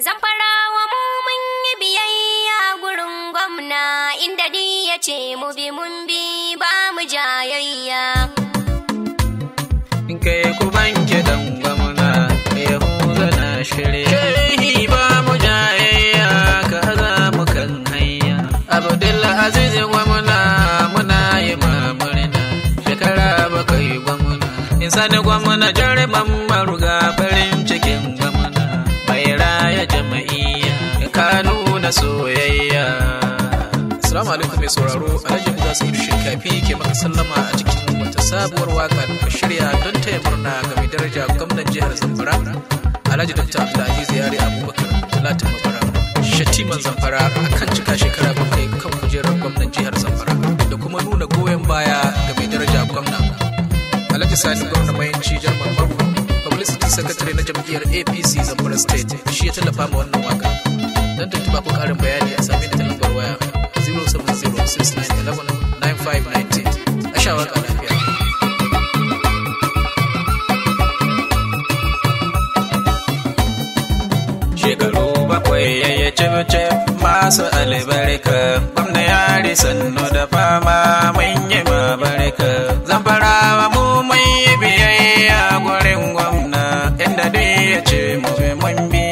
Zamfarawa mu mun yi biyayya gurin gwamna inda ni ya ce mu bi mun bi ba mu jayayya. In kai ku dan gwamna, Yahuza na shirya Shirhi ba mu jayayya, ka haza mu kan hanya. Abdullahi gwamna muna yi mamurna, shekara bakwai gwamna. In sani gwamna jaruman maruga farin cikin gwamna. na soyayya Assalamu alaikum mai sauraro Alhaji Musa Sa'idu Shinkafi ke maka sallama a cikin wata sabuwar waka da muka shirya don taya murna ga mai daraja gwamnan jihar Zamfara Alhaji Dr. Abdulaziz Yari Abubakar Talatin Mabara Shatiman Zamfara akan cika shekara bakwai kan kujerar gwamnan jihar Zamfara da kuma nuna goyon baya ga mai daraja gwamna Alhaji Sani gwamna mayanci Jarman Barko Publicity Secretary na jam'iyyar APC Zamfara State shi ya tallafa ma wannan waka don tuntuɓa ko ƙarin bayani a sami da talabar waya 07069119590 a sha waka lafiya shekaru bakwai yayye cif masu albarka gwamna yari sannu da fama mun yi mabarka zan farawa mu mun yi biyayya gurin gwamna inda dai ya ce mu mun bi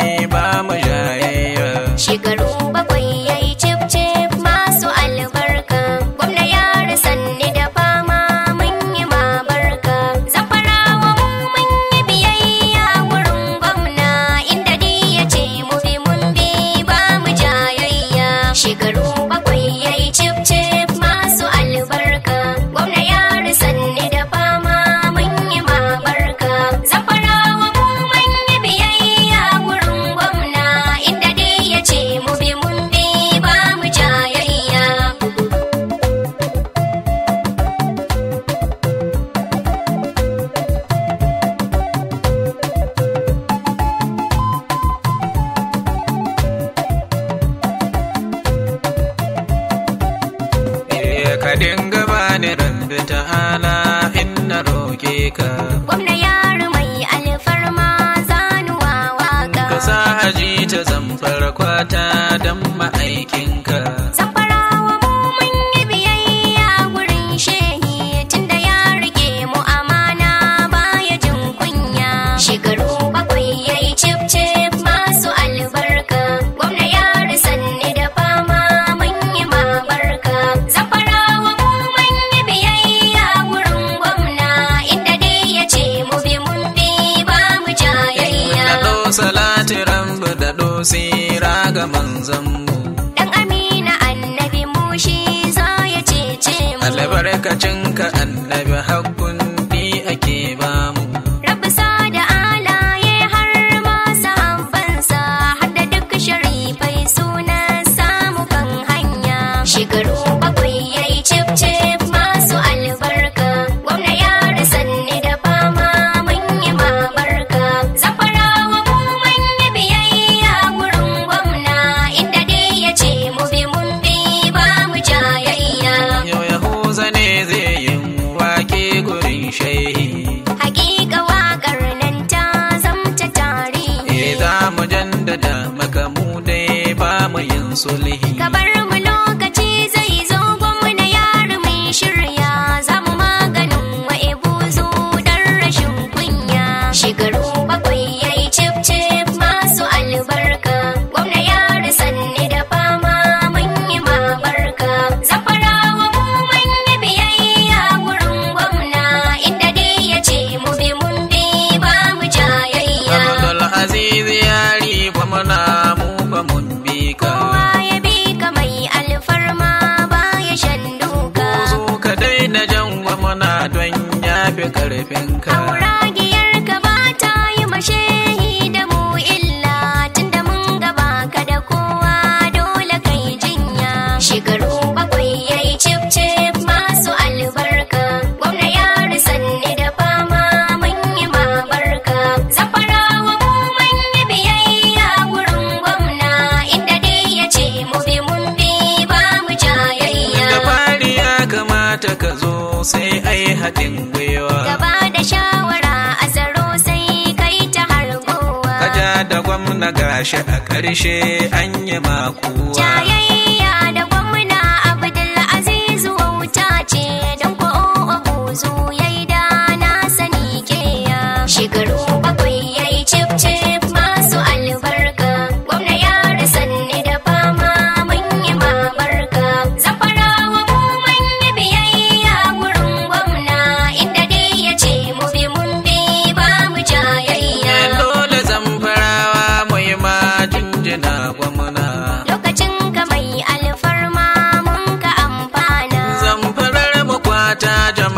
ta zamfara kwata don ma'a النبي حق 索尼。别看嘞边看。na gashi a ƙarshe an yi makuwa. Jayayya da gwamna Abdul Azizu wauta ce don ko ogo zuya.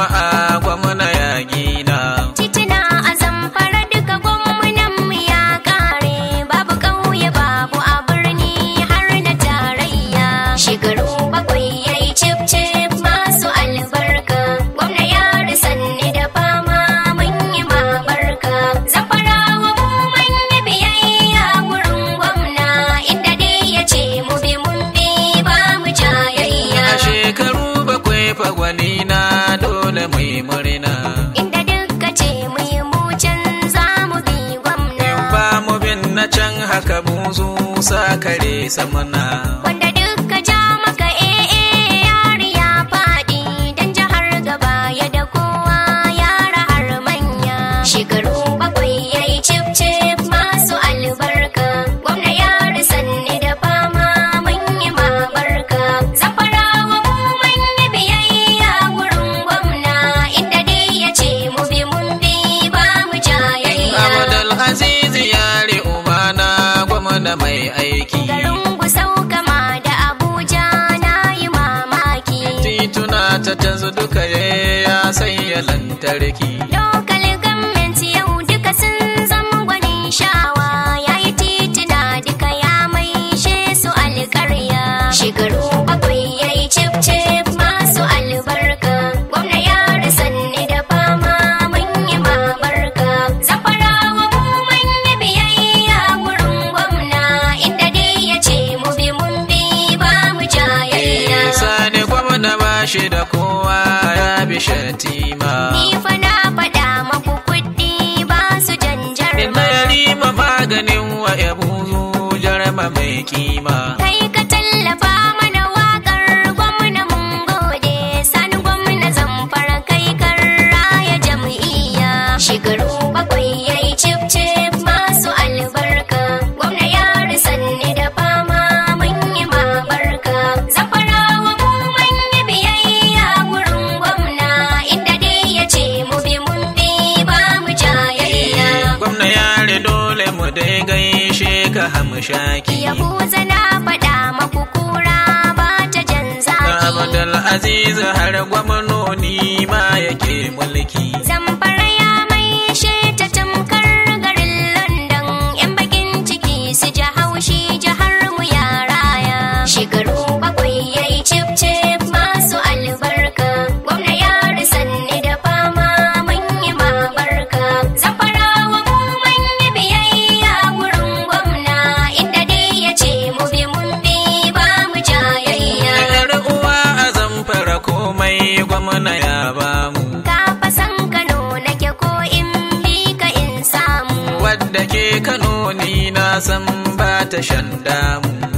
eyes. musa kare samana Lokacin su duka ya sanya lantarki. Lokal gan ba mai kima kai ka tallafa shaki yabo zana faɗa maku kura ba ta jan abdul aziz har gwamnoni ma ya shandamu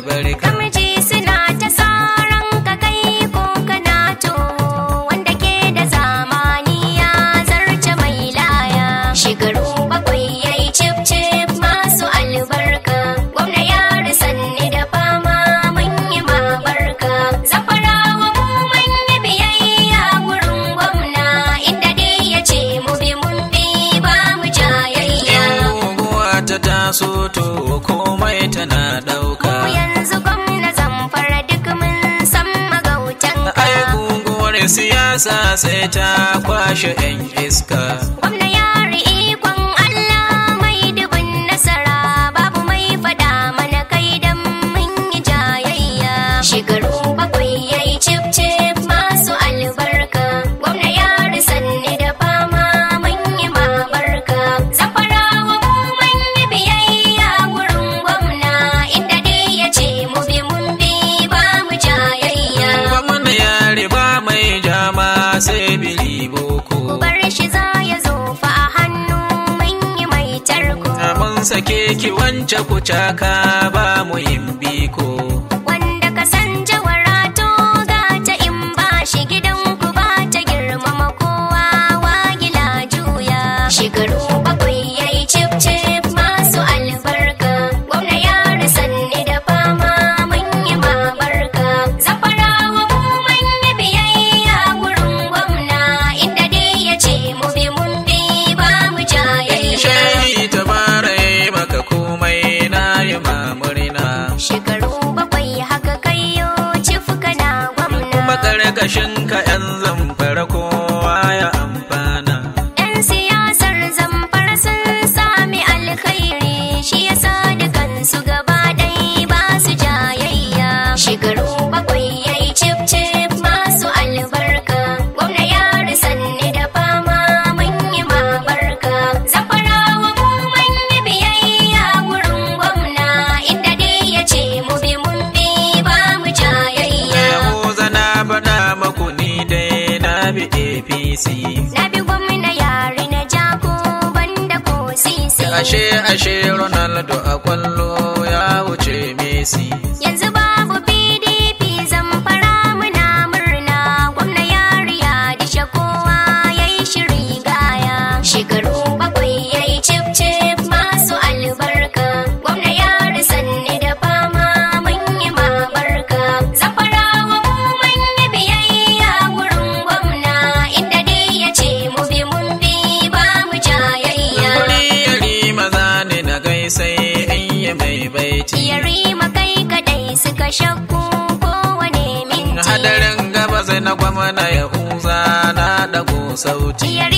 बड़ी बड़ी कमी sai ta kwashe 'yan iska. ki wance caka, ba mu ko. sauti.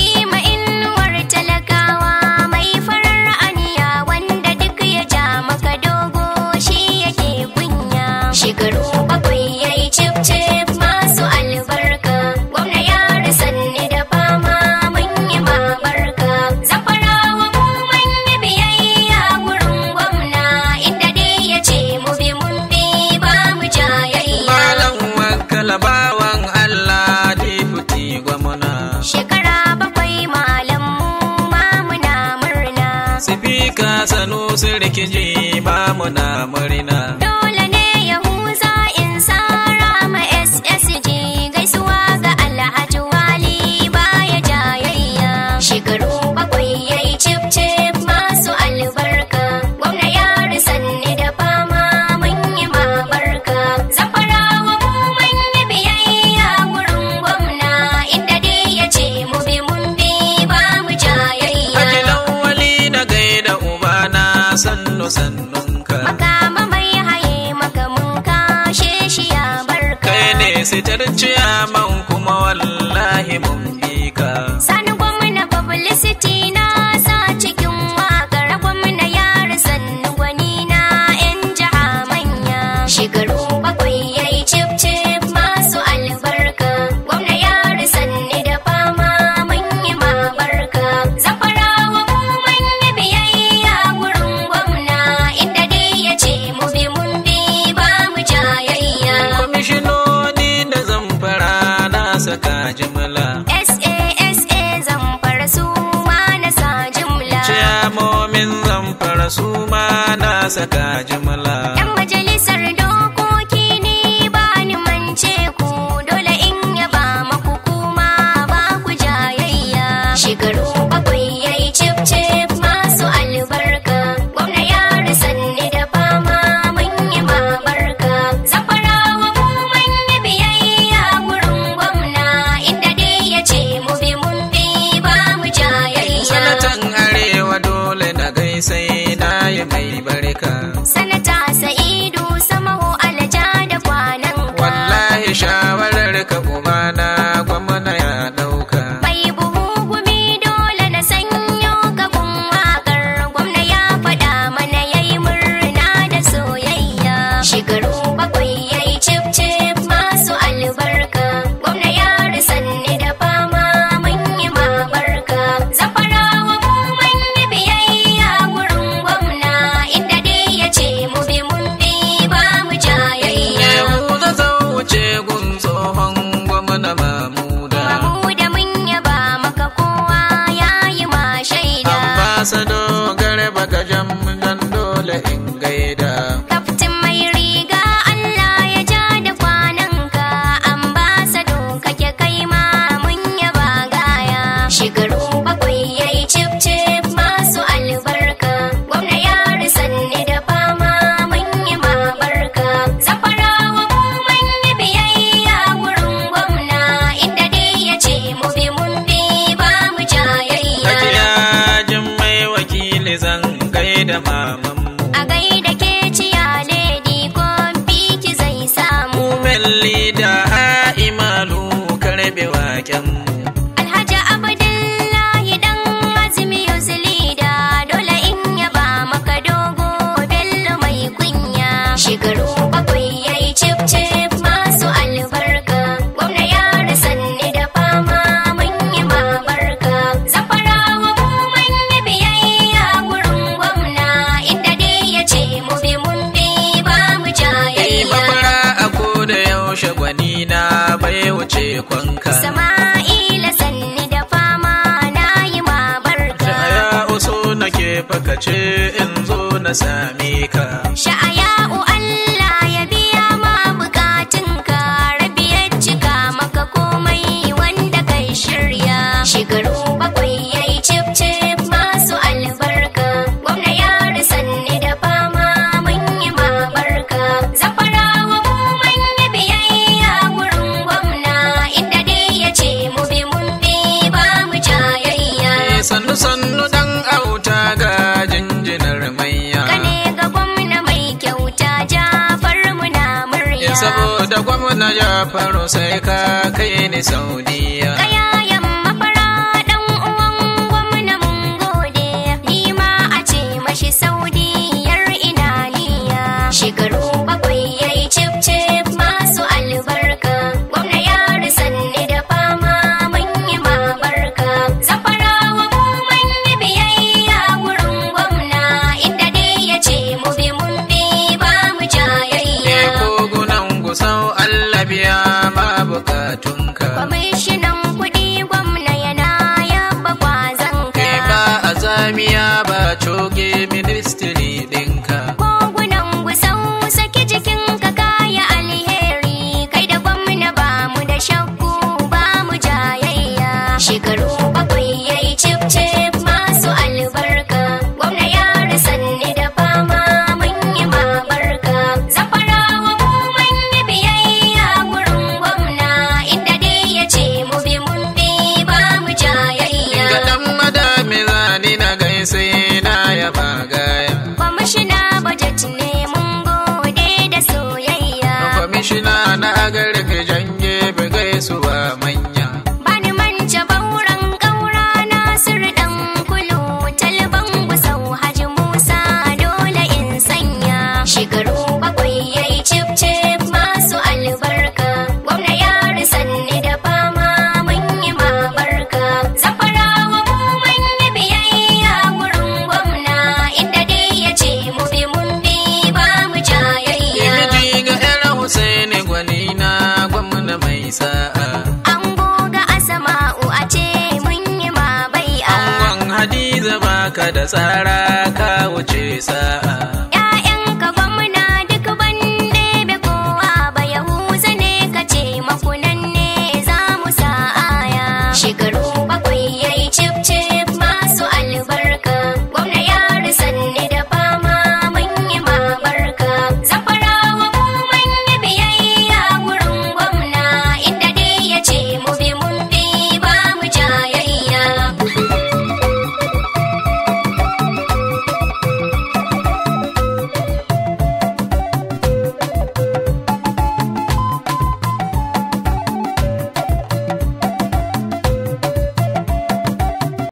sai ka kai ni saudi